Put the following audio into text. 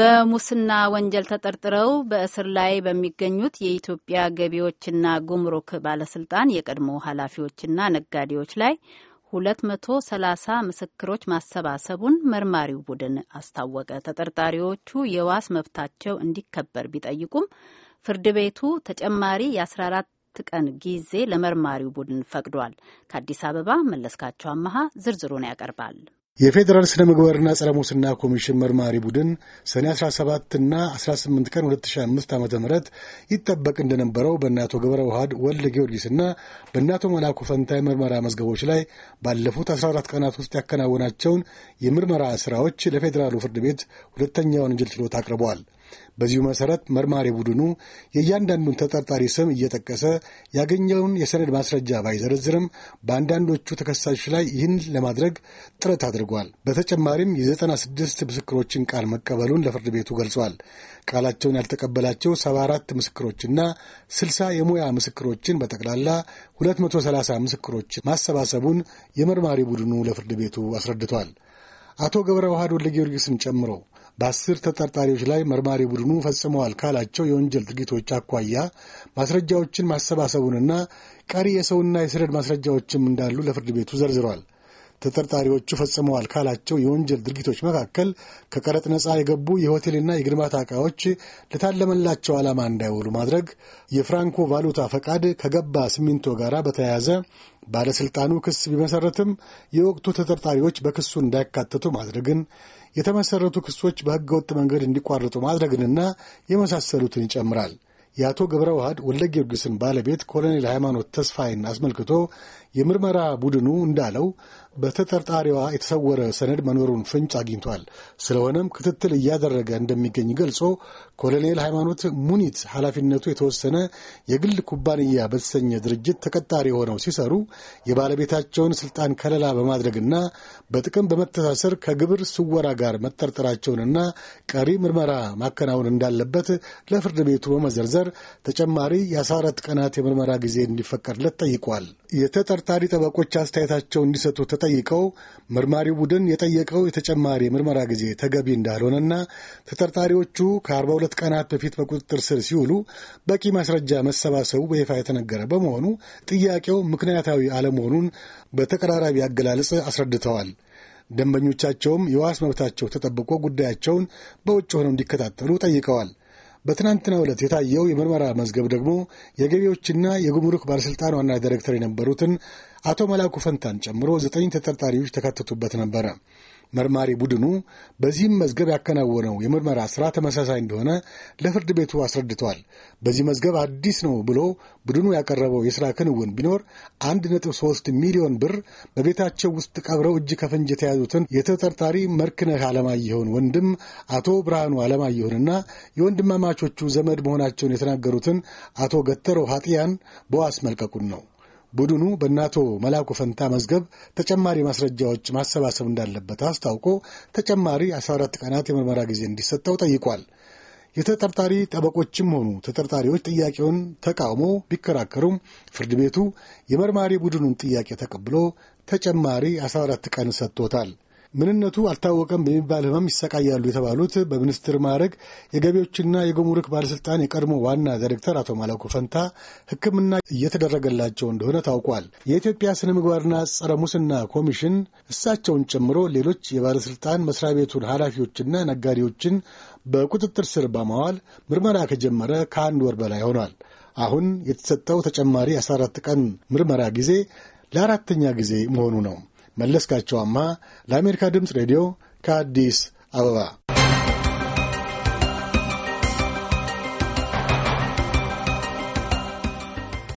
በሙስና ወንጀል ተጠርጥረው በእስር ላይ በሚገኙት የኢትዮጵያ ገቢዎችና ጉምሩክ ባለስልጣን የቀድሞ ኃላፊዎችና ነጋዴዎች ላይ 230 ምስክሮች ማሰባሰቡን መርማሪው ቡድን አስታወቀ። ተጠርጣሪዎቹ የዋስ መብታቸው እንዲከበር ቢጠይቁም ፍርድ ቤቱ ተጨማሪ የ14 ቀን ጊዜ ለመርማሪው ቡድን ፈቅዷል። ከአዲስ አበባ መለስካቸው አመሃ ዝርዝሩን ያቀርባል። የፌዴራል ስነ ምግባርና ጸረ ሙስና ኮሚሽን መርማሪ ቡድን ሰኔ 17ና 18 ቀን 2005 ዓ ም ይጠበቅ እንደነበረው በእነ አቶ ገብረ ውሃድ ወልደ ጊዮርጊስና በእነ አቶ መላኩ ፈንታይ ምርመራ መዝገቦች ላይ ባለፉት 14 ቀናት ውስጥ ያከናወናቸውን የምርመራ ስራዎች ለፌዴራሉ ፍርድ ቤት ሁለተኛ ወንጀል ችሎት አቅርበዋል በዚሁ መሰረት መርማሪ ቡድኑ የእያንዳንዱን ተጠርጣሪ ስም እየጠቀሰ ያገኘውን የሰነድ ማስረጃ ባይዘረዝርም በአንዳንዶቹ ተከሳሾች ላይ ይህን ለማድረግ ጥረት አድርጓል። በተጨማሪም የዘጠና ስድስት ምስክሮችን ቃል መቀበሉን ለፍርድ ቤቱ ገልጿል። ቃላቸውን ያልተቀበላቸው ሰባ አራት ምስክሮችና ስልሳ የሙያ ምስክሮችን በጠቅላላ ሁለት መቶ ሰላሳ ምስክሮች ማሰባሰቡን የመርማሪ ቡድኑ ለፍርድ ቤቱ አስረድቷል። አቶ ገብረ ውሃድ ወልደ ጊዮርጊስን ጨምሮ በአስር ተጠርጣሪዎች ላይ መርማሪ ቡድኑ ፈጽመዋል ካላቸው የወንጀል ድርጊቶች አኳያ ማስረጃዎችን ማሰባሰቡንና ቀሪ የሰውና የሰነድ ማስረጃዎችም እንዳሉ ለፍርድ ቤቱ ዘርዝሯል። ተጠርጣሪዎቹ ፈጽመዋል ካላቸው የወንጀል ድርጊቶች መካከል ከቀረጥ ነጻ የገቡ የሆቴልና የግንባታ ዕቃዎች ለታለመላቸው ዓላማ እንዳይውሉ ማድረግ፣ የፍራንኮ ቫሉታ ፈቃድ ከገባ ሲሚንቶ ጋር በተያያዘ ባለሥልጣኑ ክስ ቢመሠረትም የወቅቱ ተጠርጣሪዎች በክሱ እንዳይካተቱ ማድረግን፣ የተመሠረቱ ክሶች በሕገ ወጥ መንገድ እንዲቋረጡ ማድረግንና የመሳሰሉትን ይጨምራል። የአቶ ገብረ ዋህድ ወልደ ጊዮርጊስን ባለቤት ኮሎኔል ሃይማኖት ተስፋይን አስመልክቶ የምርመራ ቡድኑ እንዳለው በተጠርጣሪዋ የተሰወረ ሰነድ መኖሩን ፍንጭ አግኝቷል። ስለሆነም ክትትል እያደረገ እንደሚገኝ ገልጾ ኮሎኔል ሃይማኖት ሙኒት ኃላፊነቱ የተወሰነ የግል ኩባንያ በተሰኘ ድርጅት ተቀጣሪ ሆነው ሲሰሩ የባለቤታቸውን ስልጣን ከለላ በማድረግና በጥቅም በመተሳሰር ከግብር ስወራ ጋር መጠርጠራቸውንና ቀሪ ምርመራ ማከናወን እንዳለበት ለፍርድ ቤቱ በመዘርዘር ዶክተር ተጨማሪ የአስራ አራት ቀናት የምርመራ ጊዜ እንዲፈቀድለት ጠይቋል። የተጠርጣሪ ጠበቆች አስተያየታቸው እንዲሰጡ ተጠይቀው መርማሪው ቡድን የጠየቀው የተጨማሪ የምርመራ ጊዜ ተገቢ እንዳልሆነና ተጠርጣሪዎቹ ከ42 ቀናት በፊት በቁጥጥር ስር ሲውሉ በቂ ማስረጃ መሰባሰቡ በይፋ የተነገረ በመሆኑ ጥያቄው ምክንያታዊ አለመሆኑን በተቀራራቢ አገላለጽ አስረድተዋል። ደንበኞቻቸውም የዋስ መብታቸው ተጠብቆ ጉዳያቸውን በውጭ ሆነው እንዲከታተሉ ጠይቀዋል። በትናንትና ዕለት የታየው የምርመራ መዝገብ ደግሞ የገቢዎችና የጉምሩክ ባለሥልጣን ዋና ዳይሬክተር የነበሩትን አቶ መላኩ ፈንታን ጨምሮ ዘጠኝ ተጠርጣሪዎች ተካተቱበት ነበረ። መርማሪ ቡድኑ በዚህም መዝገብ ያከናወነው የምርመራ ስራ ተመሳሳይ እንደሆነ ለፍርድ ቤቱ አስረድቷል። በዚህ መዝገብ አዲስ ነው ብሎ ቡድኑ ያቀረበው የስራ ክንውን ቢኖር 13 ሚሊዮን ብር በቤታቸው ውስጥ ቀብረው እጅ ከፍንጅ የተያዙትን የተጠርጣሪ መርክነህ አለማየሁን ወንድም አቶ ብርሃኑ አለማየሁንና የወንድማማቾቹ ዘመድ መሆናቸውን የተናገሩትን አቶ ገተረው ሀጥያን በዋስ መልቀቁን ነው። ቡድኑ በእነ አቶ መላኩ ፈንታ መዝገብ ተጨማሪ ማስረጃዎች ማሰባሰብ እንዳለበት አስታውቆ ተጨማሪ 14 ቀናት የምርመራ ጊዜ እንዲሰጠው ጠይቋል። የተጠርጣሪ ጠበቆችም ሆኑ ተጠርጣሪዎች ጥያቄውን ተቃውሞ ቢከራከሩም ፍርድ ቤቱ የመርማሪ ቡድኑን ጥያቄ ተቀብሎ ተጨማሪ 14 ቀን ሰጥቶታል። ምንነቱ አልታወቀም በሚባል ህመም ይሰቃያሉ የተባሉት በሚኒስትር ማዕረግ የገቢዎችና የጉምሩክ ባለስልጣን የቀድሞ ዋና ዳይሬክተር አቶ ማለኩ ፈንታ ሕክምና እየተደረገላቸው እንደሆነ ታውቋል። የኢትዮጵያ ስነ ምግባርና ጸረ ሙስና ኮሚሽን እሳቸውን ጨምሮ ሌሎች የባለስልጣን መስሪያ ቤቱን ኃላፊዎችና ነጋዴዎችን በቁጥጥር ስር በማዋል ምርመራ ከጀመረ ከአንድ ወር በላይ ሆኗል። አሁን የተሰጠው ተጨማሪ 14 ቀን ምርመራ ጊዜ ለአራተኛ ጊዜ መሆኑ ነው። መለስካቸዋማ ለአሜሪካ ድምፅ ሬዲዮ ከአዲስ አበባ